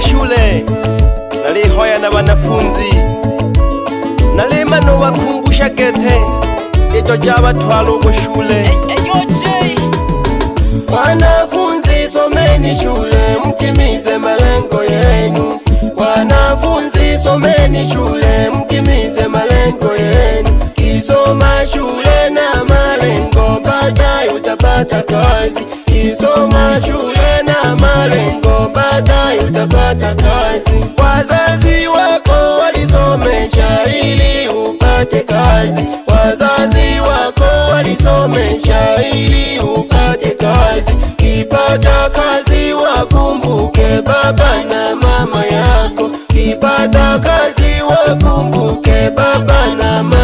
za shule nalihoya na banafunzi nalima nobakumbusha gete lito jabatwala uko shule wanafunzi someni shule mtimize malengo yenu wanafunzi someni shule mtimize malengo yenu kisoma shule na malengo baadaye utapata kazi kisoma shule malengo, baadaye utapata kazi. Wazazi wako walisomesha ili upate kazi. Wazazi wako walisomesha ili upate kazi. Kipata kazi wakumbuke baba na mama yako. Kipata kazi wakumbuke baba na mama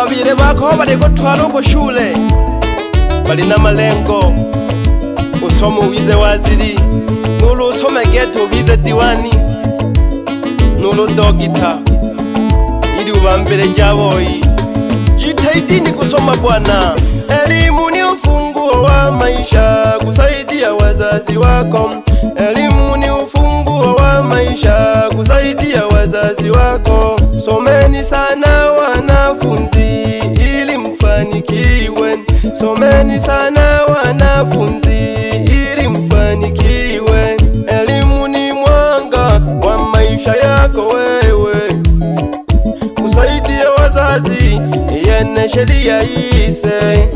ababire bako bari gutwara uko shule na malengo usoma uwize waziri nulu usome geto ubize diwani nulu dogita ili ubambere ryaboyi jitahidini kusoma bwana elimu ni ufunguo wa maisha kusaidia wazazi wako elimu ni ufunguo wa maisha kusaidia wazazi wako someni sana wanafunzi Someni sana wanafunzi, ili mfanikiwe. Elimu ni mwanga wa maisha yako wewe. Kusaidia wazazi yene sheria ise.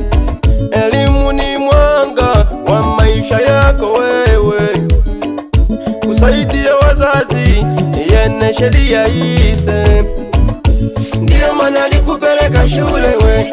Elimu ni mwanga wa maisha yako wewe. Kusaidia wazazi yene sheria ise. Ndiyo maana alikupeleka shule we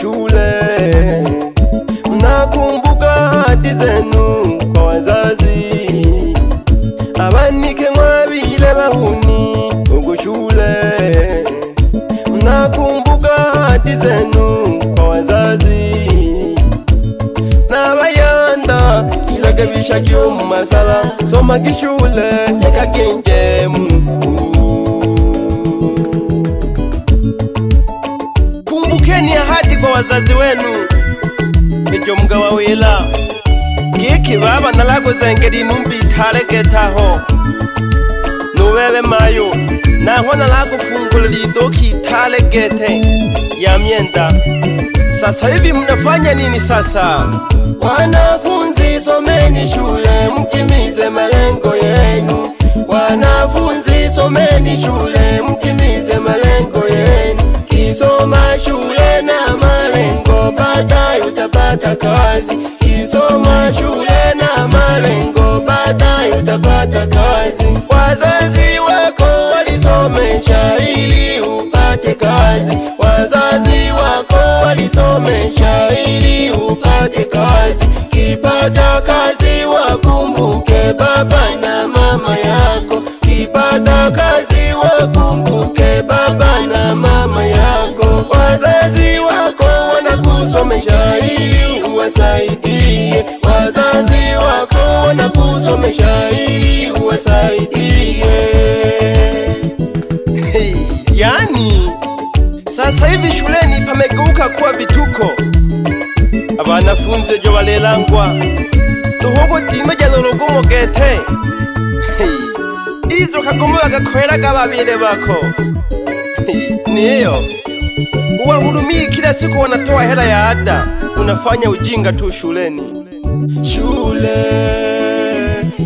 shule, mnakumbuka hadi zenu kwa wazazi, abanike mwabile bahuni ugu shule, mnakumbuka hadi zenu kwa wazazi, nabayanda ilakabisha kiomu masala soma kishule yakakengemu Kumbukeni ahadi wazazi wenu nijo mugaba wera kiki baba naraguze ngeri numbi taregetaho mayo naho naragufungulira idoki taregete ya myenda sasa hivi mnafanya nini sasa wanafunzi someni shule mtimize malengo yenu wanafunzi someni shule mtimize malengo yenu kisoma shule utapata kazi, kisoma shule na malengo, baadaye utapata kazi. Wazazi wako walisomesha ili upate kazi, wazazi wako walisomesha ili upate kazi uwasaidie wazazi wako na kusomesha ili uwasaidie. Hey, yani sasa hivi shuleni pamegeuka kuwa vituko, abanafunzi jo balelangwa tuhungu time jalo lurugumu gete hey, izo kagome bagakoreraga babire bako hey, niyo uwahudumii kila siku wanatoa hela ya ada, unafanya ujinga tu shuleni. Shule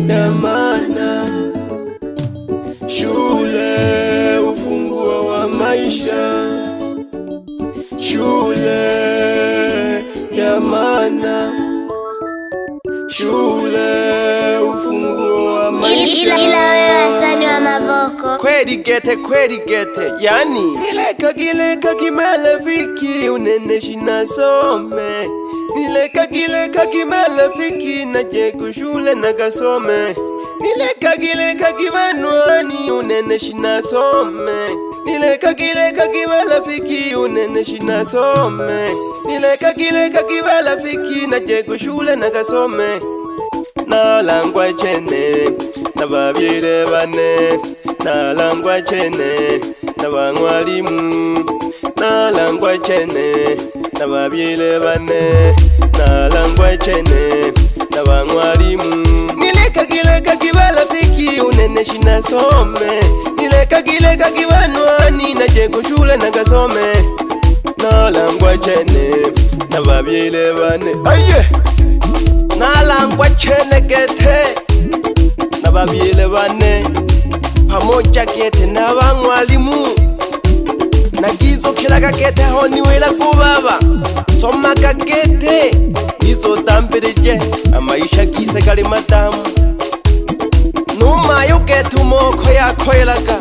ya maana, shule ufunguo wa maisha, shule ya maana, shule ufunguo ila ila wewe Hasani wa Mavoko, kweli gete, kweli gete, yani nileka kileka kimalafiki unene shinasome nileka kileka kimalafiki naje kushule nagasome nileka kileka kimanwani unene shinasome nileka kileka kimalafiki unene shinasome nileka kileka kimalafiki naje kushule nagasome nalangwa chene nababire bane nalangwa chene nabamwalimu nalangwa chene nababire bane nalangwa chene nabamwalimu nilekagileka kiba rafiki unene shinasome nilekagileka kiba nwani naje kushule nagasome nalangwa chene nababire bane aye oh, yeah nalangwa chenekete na babyele bane pamoja gete na banwalimu nagizokelaga gete ho niwela kubaba somaga gete izotambirije amaisha gise gali madamu numayo gete umoko yakoyelaga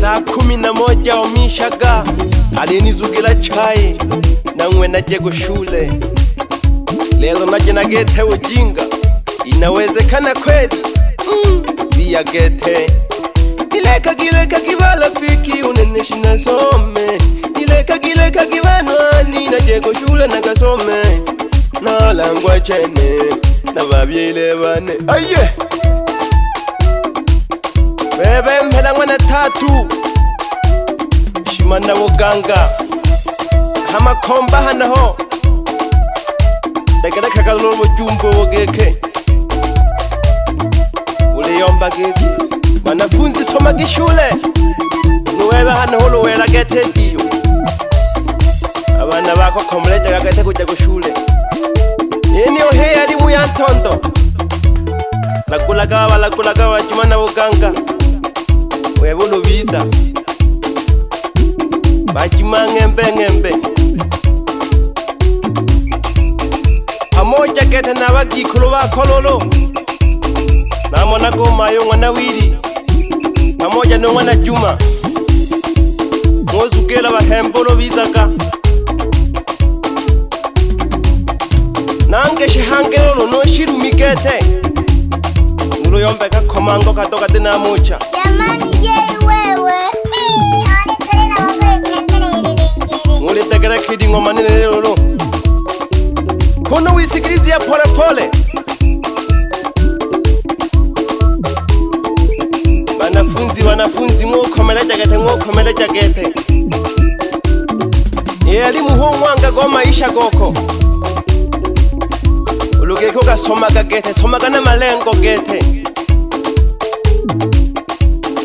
saa kumi na moja omishaga alinizugila chai na go shule lelo naje na gete ujinga, inawezekana kweli mm, gete Gileka gileka kiva rafiki uneneshi nasome Gileka gileka kiva nwani shule nakasome Nalangwa chene na babyile bane Aye Bebe mpela mwana tatu Shimana woganga Hamakomba hanaho kalolo jumbo wogeke uliyomba gege wanafunzi soma gishule nuwewe hano hulu wela gete ndiyo abana bako komuleja kagete kuja gushule nini ohe yali muya ntondo lagulaga wa lagulaga wa juma na buganga wewe ulubiza bajima ngembe bagikhulu bakho lolo na mwana gomayo mwana wili pamoja no mwana juma mozukela bahembolo bizaga nange shihangelolo noshilumigete nuloyombeka khomango kato kati namucha jamani je wewe ngulitekela mbona uisikilizi ya polepole banafunzi banafunzi mwokomelejagete mwokomelejagete elimu huo mwanga go maisha goko ulugeko gasomaga gete somaga malengo gete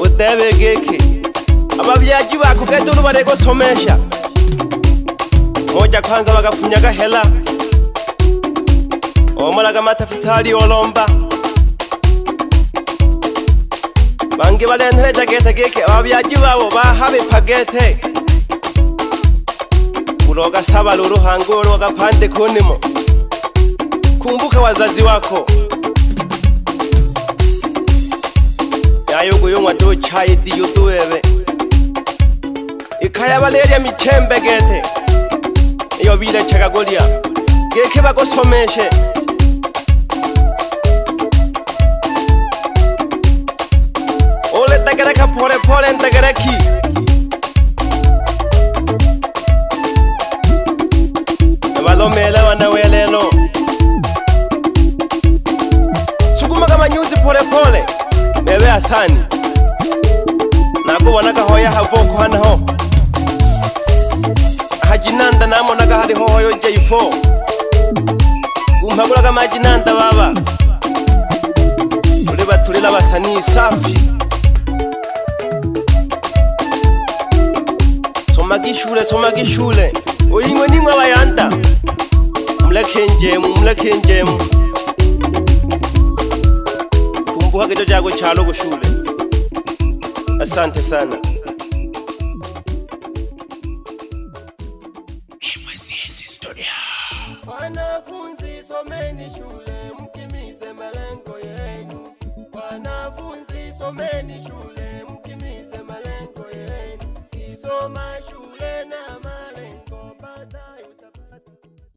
utebe geke abavyaji bako gete urubarego somesha moja kwanza bagafunyaga hela omolaga matafutali olomba bangi balentere jagete geke ababyaji babo bahabe pagete uloga sabala uruhangu uloga pande kunimo kumbuka wazazi wako yayuguyungwa duchayi diyuduwebe ikayabalerya michembe gete iyo bilecagagulya geke bagosomeshe pole Ntegereki. Walomeelewa na welelo, sukuma kama nyuzi polepole newe asani nago wanakahoya havoko ahajinanda hajinanda namonaka haliho hoyo jeifo gumpagulaka majinanda vava uli batulila basanii safi magishule soma gishule uyimwe nimwe abayanda muleke njemu muleke njemu kumbuka kito kushule asante sana someni shule, malengo yenu. Wanafunzi someni shule.